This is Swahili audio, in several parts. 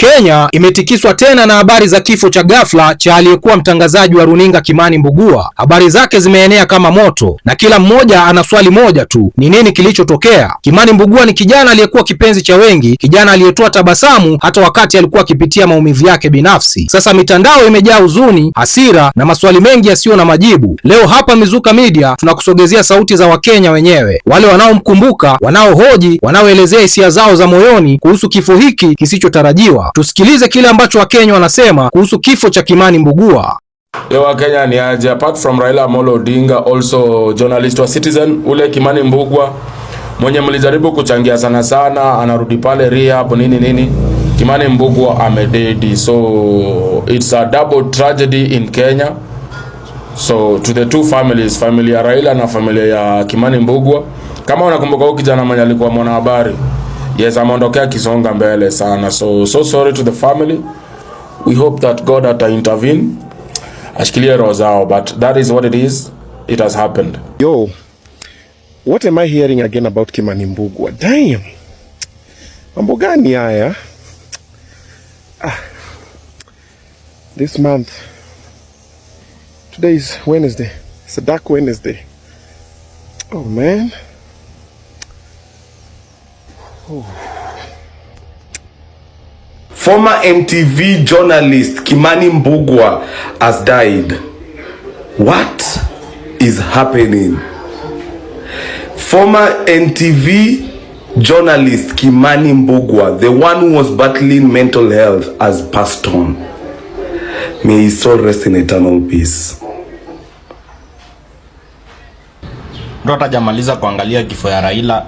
Kenya imetikiswa tena na habari za kifo cha ghafla cha aliyekuwa mtangazaji wa runinga Kimani Mbugua. Habari zake zimeenea kama moto na kila mmoja ana swali moja tu, ni nini kilichotokea? Kimani Mbugua ni kijana aliyekuwa kipenzi cha wengi, kijana aliyetoa tabasamu hata wakati alikuwa akipitia maumivu yake binafsi. Sasa mitandao imejaa huzuni, hasira na maswali mengi yasiyo na majibu. Leo hapa Mizuka Media tunakusogezea sauti za Wakenya wenyewe, wale wanaomkumbuka, wanaohoji, wanaoelezea hisia zao za moyoni kuhusu kifo hiki kisichotarajiwa. Tusikilize kile ambacho Wakenya wanasema kuhusu kifo cha Kimani Mbugua. Yo wa Kenya ni aje? Apart from Raila Amolo Odinga, also journalist wa Citizen, ule Kimani Mbugua mwenye mlijaribu kuchangia sana sana, anarudi pale rehab nini nini. Kimani Mbugua amededi, so it's a double tragedy in Kenya. So to the two families, family ya Raila na familia ya Kimani Mbugua. Kama unakumbuka huyu kijana mwenye alikuwa mwanahabari Yes, ameondokea kisonga mbele sana, so so sorry to the family. We hope that God ata intervene ashikilie roho zao, but that is what it is. It has happened. Yo, what am I hearing again about Kimani mbugwa Damn, mambo gani haya? Ah, this month today is Wednesday. It's a dark Wednesday. Oh man. Former MTV journalist Kimani Mbugua has died. What is happening? Former MTV journalist Kimani Mbugua, the one who was battling mental health, has passed on. May his soul rest in eternal peace. Ndo atajamaliza kuangalia kifo ya Raila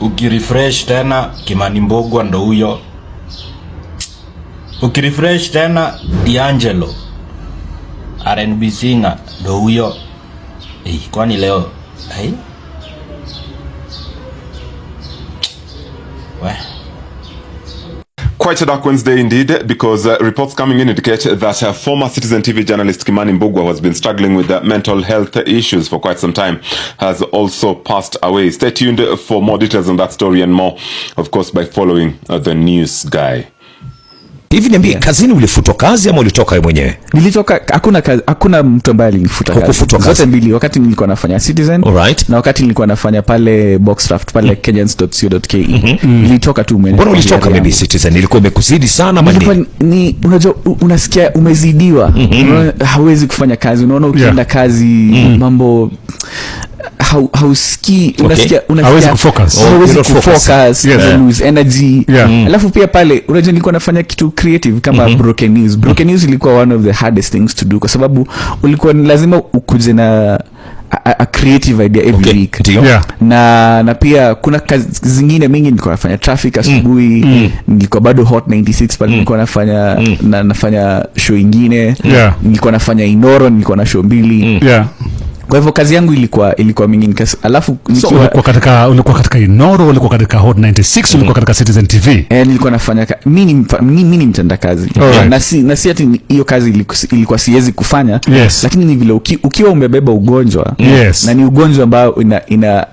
ukirefresh tena Kimani Mbogwa ndo huyo, ukirefresh tena D'Angelo R&B singer ndo huyo. Hey, kwani leo hey? quite a dark Wednesday indeed because uh, reports coming in indicate that uh, former Citizen TV journalist Kimani Mbugwa, who has been struggling with uh, mental health issues for quite some time, has also passed away. Stay tuned for more details on that story and more, of course, by following uh, the news guy. Hivi niambie, yeah. Kazini ulifutwa kazi ama ulitoka wewe mwenyewe? Nilitoka, hakuna hakuna mtu ambaye alinifuta kazi. Zote mbili, wakati nilikuwa nafanya Citizen Alright. Na wakati nilikuwa nafanya pale Boxcraft pale mm. Mm-hmm. kenyans.co.ke. mm -hmm. Mm-hmm. Nilitoka tu mwenyewe. Mbona ulitoka mimi Citizen? Ilikuwa imekuzidi sana mali. Nilikuwa ni unajua unasikia umezidiwa. Mm -hmm. Unaona hauwezi kufanya kazi. Unaona ukienda yeah. kazi mm -hmm. mambo alafu pia pale unajua nilikuwa nafanya kitu creative kama mm -hmm. broken news broken news ilikuwa one of the hardest things to do kwa sababu ulikuwa lazima ukuje na a, a creative idea every okay. week yeah. na na pia kuna kazi zingine mingi nilikuwa nafanya traffic asubuhi mm. mm. nilikuwa bado hot 96 pale mm. nilikuwa nafanya mm. na, nafanya show ingine yeah. nilikuwa nafanya inoro nilikuwa na show mbili mm. yeah kwa hivyo kazi yangu ilikuwa ilikuwa mingi alafu nikiwa so, ulikuwa katika ulikuwa katika Inoro, ulikuwa katika Hot 96 mm. Eh. Ulikuwa katika Citizen TV eh, nilikuwa nafanya mimi mimi ni mtenda kazi right. Na si na si ati hiyo kazi ilikuwa, siwezi kufanya yes. Lakini ni vile uki, ukiwa umebeba ugonjwa yes. Na ni ugonjwa ambao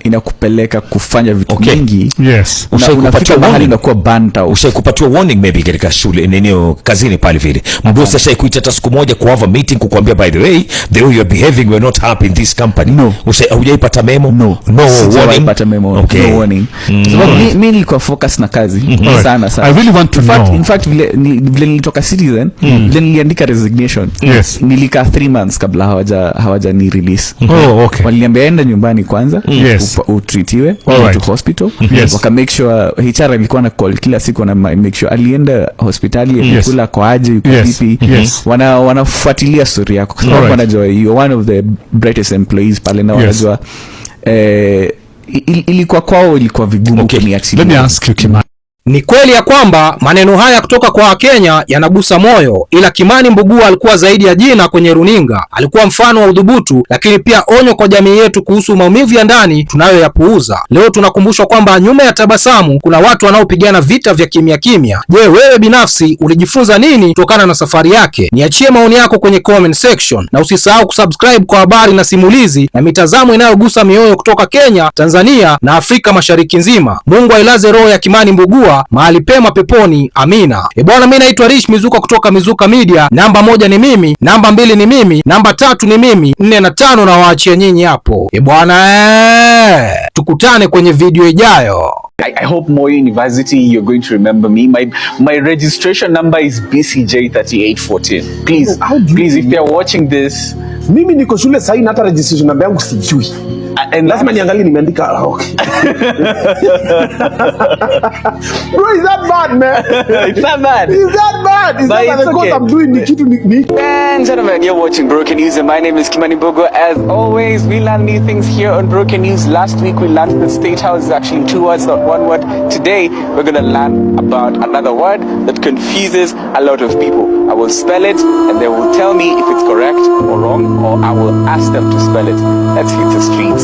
inakupeleka ina ina kufanya vitu okay. Mingi yes. Una, unafika mahali na banta, ushaikupatiwa warning maybe katika shule neneo uh, kazini pale vile, mbosi ashaikuita hata siku moja kuhava meeting kukuambia, by the way the way you are behaving we are not happy in this this company no. Hujaipata memo no, no warning. Memo okay. No warning mm. so, mi, mi nilikuwa focus na kazi mm. -hmm. Sana sana I really want to in fact, know in fact vile vile nilitoka Citizen mm. Vile niliandika resignation yes. Nilikaa 3 months kabla hawaja hawaja ni release mm -hmm. Oh, okay. Waliniambia enda nyumbani kwanza mm. Yes. Utritiwe right. To hospital mm-hmm. yes. Waka make sure HR alikuwa na call kila siku na make sure alienda hospitali yes. Kula kwa aje yuko vipi yes. Yes. Wana wanafuatilia story yako kwa sababu wanajua you one of the brightest employees pale na wanajua yes. Eh, ilikuwa kwao ilikuwa vigumu okay. kuniachilia. Let me ask you Kimani. Ni kweli ya kwamba maneno haya kutoka kwa Wakenya yanagusa moyo, ila Kimani Mbugua alikuwa zaidi ya jina kwenye runinga. Alikuwa mfano wa udhubutu, lakini pia onyo kwa jamii yetu kuhusu maumivu ya ndani tunayoyapuuza. Leo tunakumbushwa kwamba nyuma ya tabasamu kuna watu wanaopigana vita vya kimya kimya. Je, wewe binafsi ulijifunza nini kutokana na safari yake? Niachie maoni yako kwenye comment section, na usisahau kusubscribe kwa habari na simulizi na mitazamo inayogusa mioyo kutoka Kenya, Tanzania na Afrika Mashariki nzima. Mungu ailaze roho ya Kimani Mbugua mahali pema peponi. Amina. E bwana, mimi naitwa Rich Mizuka kutoka Mizuka Media. Namba moja ni mimi, namba mbili ni mimi, namba tatu ni mimi, nne na tano na waachia nyinyi hapo. E bwana, tukutane kwenye video ijayo. I, I hope Moi University you're going to remember me. My my registration number is BCJ3814. Please, oh, please if you're watching this. Mimi niko shule sasa na hata registration number yangu sijui. Eh, lazima niangalie nimeandika ah, okay. Bro, is that bad, man? It's not bad. Is that bad? Is that bad? Because I'm doing kitu ni... And gentlemen, you're watching Broken News and my name is Kimani Bogo. As always, we learn new things here on Broken News. Last week we learned that state house is actually two words, not one word. Today, we're going to learn about another word that confuses a lot of people. I will spell it and they will tell me if it's correct or wrong or I will ask them to spell it. Let's hit the streets.